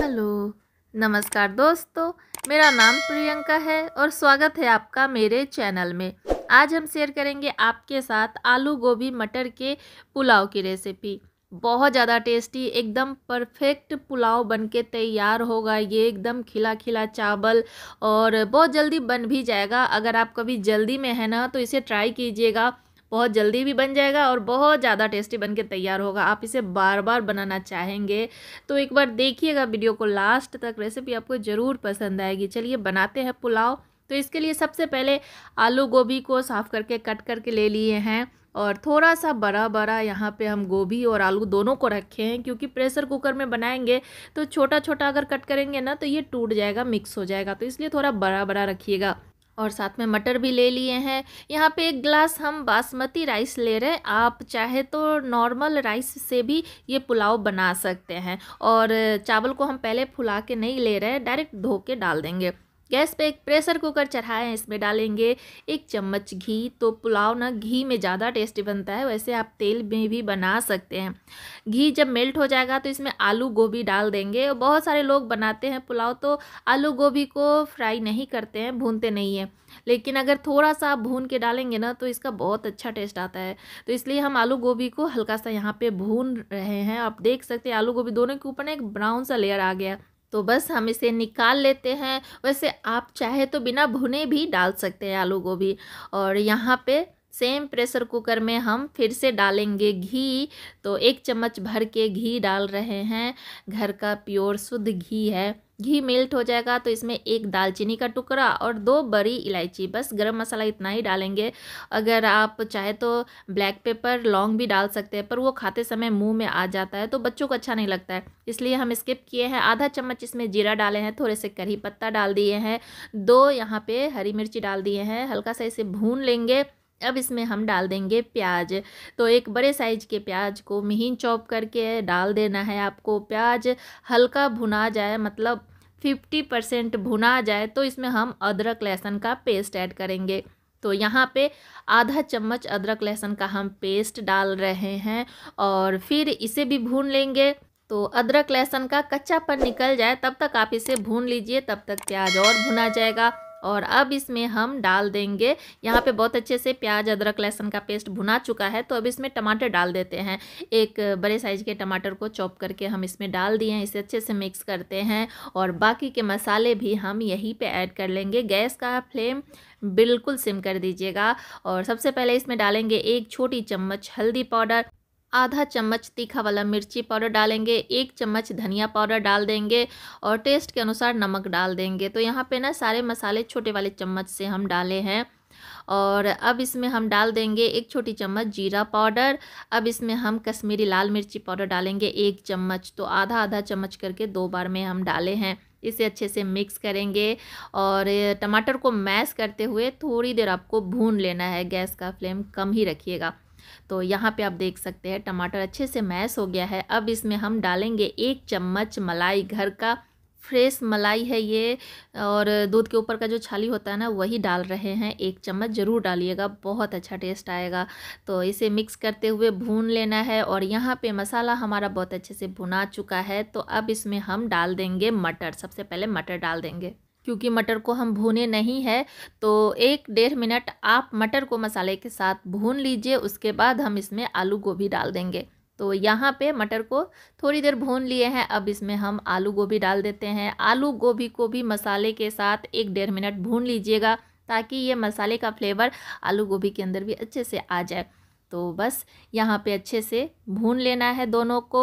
hello नमस्कार दोस्तों मेरा नाम प्रियंका है और स्वागत है आपका मेरे चैनल में आज हम शेयर करेंगे आपके साथ आलू गोभी मटर के पुलाव की रेसिपी बहुत ज़्यादा टेस्टी एकदम परफेक्ट पुलाव बनके तैयार होगा ये एकदम खिला खिला चावल और बहुत जल्दी बन भी जाएगा अगर आप कभी जल्दी में है ना तो इसे ट्राई कीजिएगा बहुत जल्दी भी बन जाएगा और बहुत ज़्यादा टेस्टी बन के तैयार होगा आप इसे बार बार बनाना चाहेंगे तो एक बार देखिएगा वीडियो को लास्ट तक रेसिपी आपको ज़रूर पसंद आएगी चलिए बनाते हैं पुलाव तो इसके लिए सबसे पहले आलू गोभी को साफ़ करके कट करके ले लिए हैं और थोड़ा सा बड़ा बड़ा यहाँ पे हम गोभी और आलू दोनों को रखे हैं क्योंकि प्रेशर कुकर में बनाएंगे तो छोटा छोटा अगर कट करेंगे ना तो ये टूट जाएगा मिक्स हो जाएगा तो इसलिए थोड़ा बड़ा बड़ा रखिएगा और साथ में मटर भी ले लिए हैं यहाँ पे एक गिलास हम बासमती राइस ले रहे हैं आप चाहे तो नॉर्मल राइस से भी ये पुलाव बना सकते हैं और चावल को हम पहले फुला के नहीं ले रहे हैं डायरेक्ट धो के डाल देंगे गैस पे एक प्रेशर कुकर चढ़ाए हैं इसमें डालेंगे एक चम्मच घी तो पुलाव ना घी में ज़्यादा टेस्टी बनता है वैसे आप तेल में भी बना सकते हैं घी जब मेल्ट हो जाएगा तो इसमें आलू गोभी डाल देंगे और बहुत सारे लोग बनाते हैं पुलाव तो आलू गोभी को फ्राई नहीं करते हैं भूनते नहीं हैं लेकिन अगर थोड़ा सा आप भून के डालेंगे ना तो इसका बहुत अच्छा टेस्ट आता है तो इसलिए हम आलू गोभी को हल्का सा यहाँ पर भून रहे हैं आप देख सकते हैं आलू गोभी दोनों के ऊपर ना एक ब्राउन सा लेयर आ गया तो बस हम इसे निकाल लेते हैं वैसे आप चाहे तो बिना भुने भी डाल सकते हैं आलू गोभी और यहाँ पे सेम प्रेशर कुकर में हम फिर से डालेंगे घी तो एक चम्मच भर के घी डाल रहे हैं घर का प्योर शुद्ध घी है घी मेल्ट हो जाएगा तो इसमें एक दालचीनी का टुकड़ा और दो बड़ी इलायची बस गरम मसाला इतना ही डालेंगे अगर आप चाहे तो ब्लैक पेपर लौंग भी डाल सकते हैं पर वो खाते समय मुंह में आ जाता है तो बच्चों को अच्छा नहीं लगता है इसलिए हम स्किप किए हैं आधा चम्मच इसमें जीरा डाले हैं थोड़े से करी पत्ता डाल दिए हैं दो यहाँ पर हरी मिर्ची डाल दिए हैं हल्का सा इसे भून लेंगे अब इसमें हम डाल देंगे प्याज तो एक बड़े साइज के प्याज को महीन चॉप करके डाल देना है आपको प्याज हल्का भुना जाए मतलब फिफ्टी परसेंट भुना जाए तो इसमें हम अदरक लहसुन का पेस्ट ऐड करेंगे तो यहाँ पे आधा चम्मच अदरक लहसुन का हम पेस्ट डाल रहे हैं और फिर इसे भी भून लेंगे तो अदरक लहसुन का कच्चापन निकल जाए तब तक आप इसे भून लीजिए तब तक प्याज और भुना जाएगा और अब इसमें हम डाल देंगे यहाँ पे बहुत अच्छे से प्याज अदरक लहसुन का पेस्ट भुना चुका है तो अब इसमें टमाटर डाल देते हैं एक बड़े साइज़ के टमाटर को चॉप करके हम इसमें डाल दिए हैं इसे अच्छे से मिक्स करते हैं और बाकी के मसाले भी हम यहीं पे ऐड कर लेंगे गैस का फ्लेम बिल्कुल सिम कर दीजिएगा और सबसे पहले इसमें डालेंगे एक छोटी चम्मच हल्दी पाउडर आधा चम्मच तीखा वाला मिर्ची पाउडर डालेंगे एक चम्मच धनिया पाउडर डाल देंगे और टेस्ट के अनुसार नमक डाल देंगे तो यहाँ पे ना सारे मसाले छोटे वाले चम्मच से हम डाले हैं और अब इसमें हम डाल देंगे एक छोटी चम्मच जीरा पाउडर अब इसमें हम कश्मीरी लाल मिर्ची पाउडर डालेंगे एक चम्मच तो आधा आधा चम्मच करके दो बार में हम डाले हैं इसे अच्छे से मिक्स करेंगे और टमाटर को मैश करते हुए थोड़ी देर आपको भून लेना है गैस का फ्लेम कम ही रखिएगा तो यहाँ पे आप देख सकते हैं टमाटर अच्छे से मैश हो गया है अब इसमें हम डालेंगे एक चम्मच मलाई घर का फ्रेश मलाई है ये और दूध के ऊपर का जो छाली होता है ना वही डाल रहे हैं एक चम्मच ज़रूर डालिएगा बहुत अच्छा टेस्ट आएगा तो इसे मिक्स करते हुए भून लेना है और यहाँ पे मसाला हमारा बहुत अच्छे से भुना चुका है तो अब इसमें हम डाल देंगे मटर सबसे पहले मटर डाल देंगे क्योंकि मटर को हम भूने नहीं है तो एक डेढ़ मिनट आप मटर को मसाले के साथ भून लीजिए उसके बाद हम इसमें आलू गोभी डाल देंगे तो यहाँ पे मटर को थोड़ी देर भून लिए हैं अब इसमें हम आलू गोभी डाल देते हैं आलू गोभी को भी मसाले के साथ एक डेढ़ मिनट भून लीजिएगा ताकि ये मसाले का फ्लेवर आलू गोभी के अंदर भी अच्छे से आ जाए तो बस यहाँ पे अच्छे से भून लेना है दोनों को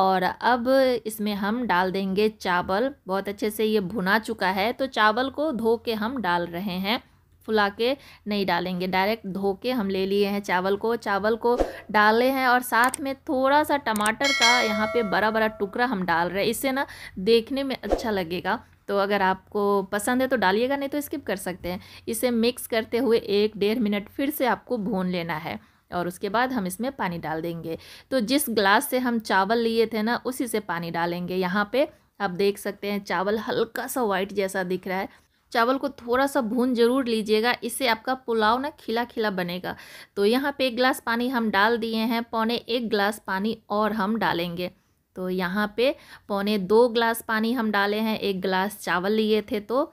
और अब इसमें हम डाल देंगे चावल बहुत अच्छे से ये भुना चुका है तो चावल को धो के हम डाल रहे हैं फुला के नहीं डालेंगे डायरेक्ट धो के हम ले लिए हैं चावल को चावल को डाले हैं और साथ में थोड़ा सा टमाटर का यहाँ पे बड़ा बड़ा टुकड़ा हम डाल रहे हैं इससे ना देखने में अच्छा लगेगा तो अगर आपको पसंद है तो डालिएगा नहीं तो स्किप कर सकते हैं इसे मिक्स करते हुए एक डेढ़ मिनट फिर से आपको भून लेना है और उसके बाद हम इसमें पानी डाल देंगे तो जिस ग्लास से हम चावल लिए थे ना उसी से पानी डालेंगे यहाँ पे आप देख सकते हैं चावल हल्का सा वाइट जैसा दिख रहा है चावल को थोड़ा सा भून जरूर लीजिएगा इससे आपका पुलाव ना खिला खिला बनेगा तो यहाँ पे एक गिलास पानी हम डाल दिए हैं पौने एक गिलास पानी और हम डालेंगे तो यहाँ पे पौने दो ग्लास पानी हम डाले हैं एक गिलास चावल लिए थे तो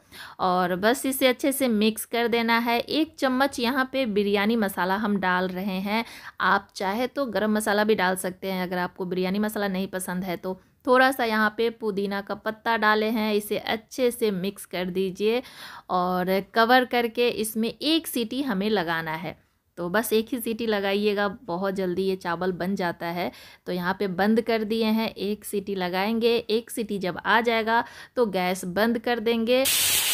और बस इसे अच्छे से मिक्स कर देना है एक चम्मच यहाँ पे बिरयानी मसाला हम डाल रहे हैं आप चाहे तो गरम मसाला भी डाल सकते हैं अगर आपको बिरयानी मसाला नहीं पसंद है तो थोड़ा सा यहाँ पे पुदीना का पत्ता डाले हैं इसे अच्छे से मिक्स कर दीजिए और कवर करके इसमें एक सीटी हमें लगाना है तो बस एक ही सीटी लगाइएगा बहुत जल्दी ये चावल बन जाता है तो यहाँ पे बंद कर दिए हैं एक सीटी लगाएंगे एक सीटी जब आ जाएगा तो गैस बंद कर देंगे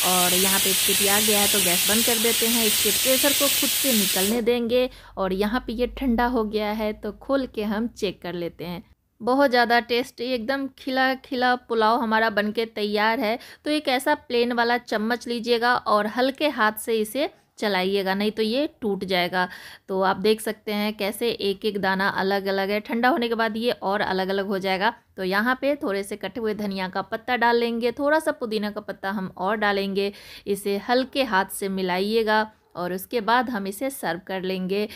और यहाँ पे एक सीटी आ गया है तो गैस बंद कर देते हैं इसके प्रेशर को खुद से निकलने देंगे और यहाँ पे ये ठंडा हो गया है तो खोल के हम चेक कर लेते हैं बहुत ज़्यादा टेस्टी एकदम खिला खिला पुलाव हमारा बनके तैयार है तो एक ऐसा प्लेन वाला चम्मच लीजिएगा और हल्के हाथ से इसे चलाइएगा नहीं तो ये टूट जाएगा तो आप देख सकते हैं कैसे एक एक दाना अलग अलग है ठंडा होने के बाद ये और अलग अलग हो जाएगा तो यहाँ पे थोड़े से कटे हुए धनिया का पत्ता डाल लेंगे थोड़ा सा पुदीना का पत्ता हम और डालेंगे इसे हल्के हाथ से मिलाइएगा और उसके बाद हम इसे सर्व कर लेंगे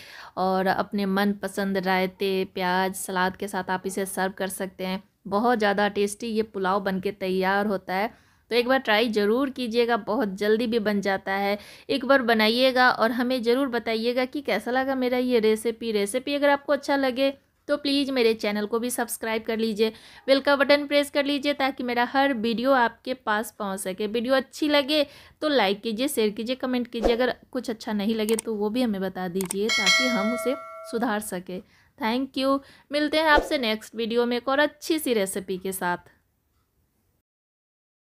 और अपने मनपसंद रायते प्याज सलाद के साथ आप इसे सर्व कर सकते हैं बहुत ज़्यादा टेस्टी ये पुलाव बन के तैयार होता है तो एक बार ट्राई ज़रूर कीजिएगा बहुत जल्दी भी बन जाता है एक बार बनाइएगा और हमें ज़रूर बताइएगा कि कैसा लगा मेरा ये रेसिपी रेसिपी अगर आपको अच्छा लगे तो प्लीज़ मेरे चैनल को भी सब्सक्राइब कर लीजिए बेल का बटन प्रेस कर लीजिए ताकि मेरा हर वीडियो आपके पास पहुंच सके वीडियो अच्छी लगे तो लाइक कीजिए शेयर कीजिए कमेंट कीजिए अगर कुछ अच्छा नहीं लगे तो वो भी हमें बता दीजिए ताकि हम उसे सुधार सकें थैंक यू मिलते हैं आपसे नेक्स्ट वीडियो में एक और अच्छी सी रेसिपी के साथ